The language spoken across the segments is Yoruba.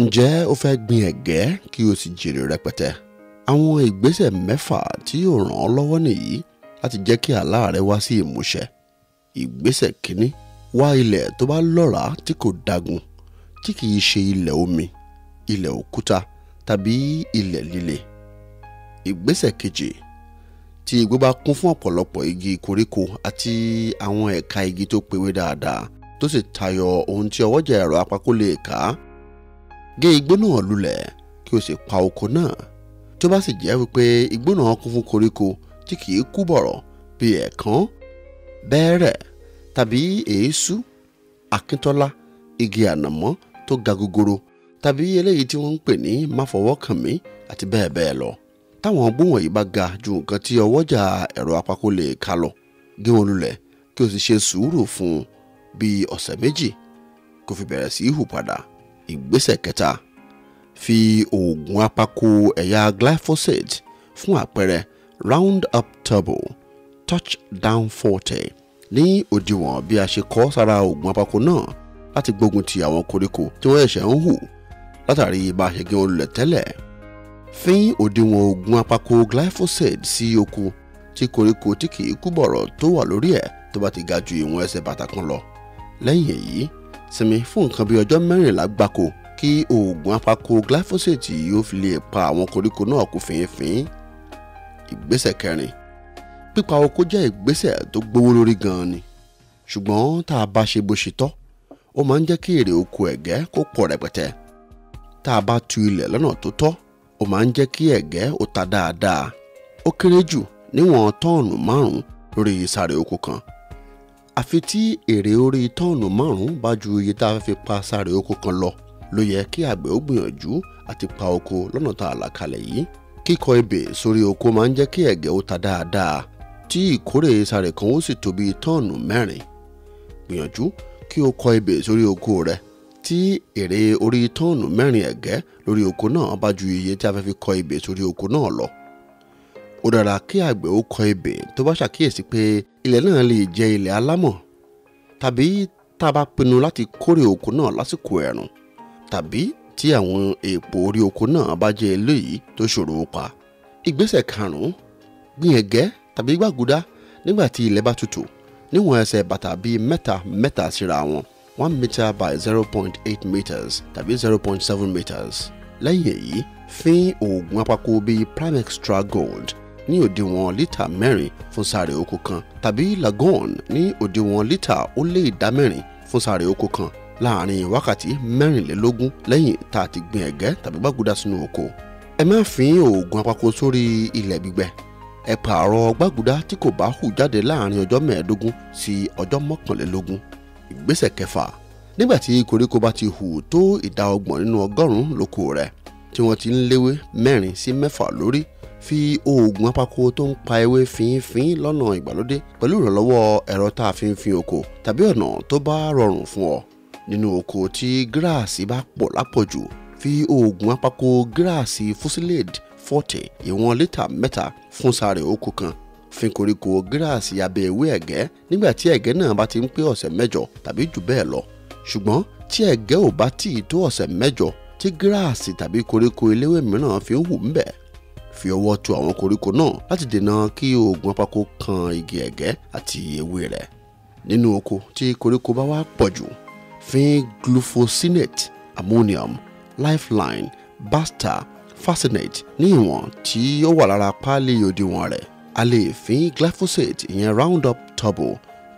ǹjẹ́ o fẹ́ gbin ẹ̀gẹ́ kí o sì jèrè rẹpẹtẹ àwọn ìgbésẹ̀ mẹ́fà tí yóò ràn ọ́ lọ́wọ́ nìyí láti jẹ́ kí àlá rẹ wá sí ìmúṣẹ ìgbésẹ̀ kínní wá ilẹ̀ tó bá lọ́ràá tí kò dagun tí kìí ṣe ilẹ̀ omi ilẹ̀ òkúta tàbí ilẹ̀ líle ìgbésẹ̀ kejì tí igbó bá kún fún ọ̀pọ̀lọpọ̀ igi koríko àti àwọn ẹ̀ka igi tó pewé dáadáa tó sì tayọ ohun tí ọwọ́jà ẹ̀rọ apakó lè kà gé igbó náà lulẹ̀ kí o sì pa oko náà tó bá sì jẹ́ wípé igbó náà kún fún koríko tí kì í kú bọ̀rọ̀ bíi ẹ̀kán bẹ́ẹ̀rẹ̀ tàbí èésú akíntọ́lá igi ànàmọ́ tó ga gogoro tàbí eléyìí tí wọ́n ń pè ní máfọwọ́kànmí àti bẹ́ẹ̀ bẹ́ẹ̀ lọ táwọn ọgbọ́n wọ̀nyí bá ga ju nǹkan tí ọwọ́jà ẹ̀rọ apako lè ka lọ gé wọn lulẹ̀ kí o sì ṣe sùúrù fún bíi ọ̀sẹ̀ méjì kó fi bẹ̀rẹ̀ sí í hù padà ìgbésẹ̀ kẹta fi oògùn apako ẹ̀yà glyphosate fún àpẹẹrẹ roundup turbo down forte ní òdiwọ̀n bí a ṣe kọ sára oògùn apako náà láti gbógun ti àwọn koríko tí wọ́n ṣẹ̀ṣẹ̀ ń hù látàrí bá a ṣe gé wọn lulẹ̀ tẹ́lẹ̀ fín òdiwọ̀n oògùn apako glyphosate sí oko tí koríko tí kì kú bọ̀rọ̀ tó wà lórí ẹ̀ tó bá ti ga ju ìwọ̀n ẹsẹ̀ bàtà kan lọ lẹ́yìn èyí sinmi fún nǹkan bíi ọjọ́ mẹ́rìnlá gbáko kí oògùn apako glyphosate yìí ó fi lè pa àwọn koríko náà kú fínfín. ìgbésẹ̀ kẹrin pípa oko jẹ́ ìgbésẹ̀ tó gbówó lórí gan-an ni ṣùgbọ́n tá a bá ṣe bó ṣe tọ́ ó máa ń jẹ́ kí èrè oko ẹ̀gẹ́ kó pọ̀ rẹpẹtẹ tá a bá tu ilẹ̀ lọ́nà tó tọ́ ó máa ń jẹ́ kí ẹ̀gẹ́ ó ta dáadáa ó kéré jù níwọ̀n tọ́ọ̀nù márùn-ún lórí sáré oko kan àfi tí èrè orí tọ́ọ̀nù márùn-ún bá ju iye tá a fi pa sáré oko kan lọ ló yẹ kí àgbẹ̀ ó gbìyànjú àti pa oko lọ́nà tá a là kalẹ̀ yìí kíkọ ebè sórí oko máa ń jẹ́ kí ẹ̀gẹ́ ó ta dáadáa tí ìkórè sáré kan ó sì tóbi tọ́ọ̀nù mẹ́rin gbìyànjú kí o kọ ebè sórí oko rẹ tí èrè orí tọ́ọ̀nù mẹ́rin ẹ̀gẹ́ lórí oko náà bá ju iye tí a fẹ́ fi kọ ebè sórí oko náà lọ ó dára kí àgbẹ̀ ó kọ ebè tó bá ṣàkíyèsí pé ilẹ̀ náà lè jẹ́ ilẹ̀ alámọ̀ tàbí tá a bá pinnu láti kórè oko náà lásìkò ẹ̀rùn tàbí tí àwọn èèpo orí oko náà bá jẹ́ eléyìí tó ṣòro pa. ìgbésẹ̀ karùn-ún gbìn tàbí gbàgúdá nígbà tí ilẹ̀ bá tutù níwọ̀n ẹsẹ̀ bàtà bíi mẹ́ta mẹ́ta síra wọn one meter by zero point eight meters, tàbí zero point seven meters. lẹ́yìn èyí fín oògùn apako bíi Prime Extra Gold ní òdiwọ̀n lítà mẹ́rin fún sáré oko kan tàbí lagon ní òdiwọ̀n lítà ó lé ìdá mẹ́rin fún sáré oko kan láàrin wákàtí mẹ́rìnlélógún lẹ́yìn tá a ti gbin ẹ̀gẹ́ tàbí gbàgùdà sínú oko ẹ má fi oògùn apako sórí ilẹ̀ gbígbẹ ẹ pààrọ̀ gbàgùdà tí kò bá hù jáde láàrin ọjọ́ mẹ́ẹ̀ẹ́dógún sí ọjọ́ mọ́kànlélógún ìgbésẹ̀ kẹfà nígbà koríko bá ti hù tó ìdá ọgbọ̀n nínú ọgọ́rùn-ún lóko rẹ̀ tí wọ́n ti ń léwé mẹ́rin sí mẹ́fà lórí fi oògùn apako tó ń pa ewé fínfín lọ́nà ìgbàlódé pẹ̀lú ìrànlọ́wọ́ ẹ̀rọ tá a fi ń fin oko tàbí ọ̀nà tó bá rọrùn fún ọ nínú oko tí gíráàsì bá pọ̀ lápọ̀jù fi oògùn apako gíráàsì fusilade forte ìwọ̀n lítà mẹ́ta fún sáré oko kan fin koríko gíráàsì abẹ́ ewé ẹ̀gẹ́ nígbà tí ẹ̀gẹ́ náà bá ti ń pé ọ̀sẹ̀ mẹ́jọ tàbí jù bẹ́ẹ̀ lọ ṣùgbọ́n tí ẹ̀gẹ́ ò bá tì í tó ọ̀sẹ̀ mẹ́jọ tí gíráàsì tàbí koríko eléwé mìíràn fi ń hù ń bẹ̀ fi ọwọ́ tu àwọn koríko náà láti dènà kí oògùn apako kan igi ẹ̀gẹ́ àti ewé rẹ̀ nínú oko tí koríko bá wá pọ̀ jù fín glufosinate ammonium lifeline basta fasinate ní ìwọ̀n tí ó wà lára páálí òdiwọ̀n rẹ̀ a lè fín glyphosate ìyẹn roundup turbo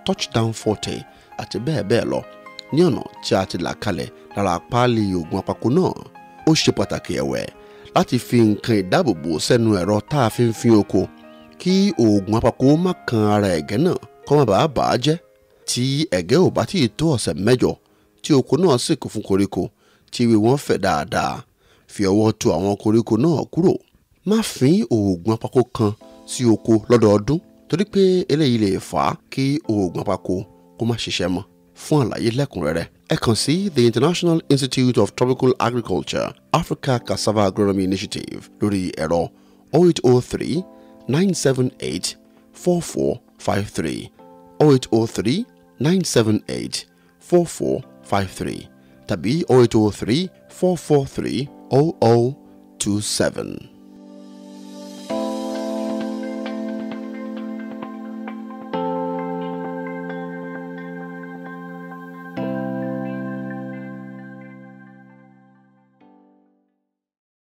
touchdown forte àti bẹ́ẹ̀ bẹ́ẹ̀ lọ ní ọ̀nà tí a ti là kalẹ̀ lára páálí oògùn apako náà ó ṣe pàtàkì ẹ̀wẹ̀ láti fi nǹkan ìdáàbòbò sẹ́nu ẹ̀rọ tá a fi ń fin oko kí oògùn apako má kan ara ẹ̀gẹ́ náà kó má bàa bà á jẹ́ tí ẹ̀gẹ́ ò bá tí ì tó ọ̀sẹ̀ mẹ́jọ tí oko náà sì kún fún koríko tí ewé wọn fẹ̀ dáadáa fi ọwọ́ tu àwọn koríko náà kúrò má fín oògùn apako kan sí oko lọ́dọọdún torí pé eléyìí lè fà á kí oògùn apako kó má ṣiṣẹ́ mọ́ fún àlàyé lẹ́kùnrẹ́rẹ́ ECOSI, the International Institute of Tropical Agriculture, Africa Cassava Agronomy Initiative, Lori Ero, 0803 978 4453. 0803 978 4453. Tabi 0803 443 0027.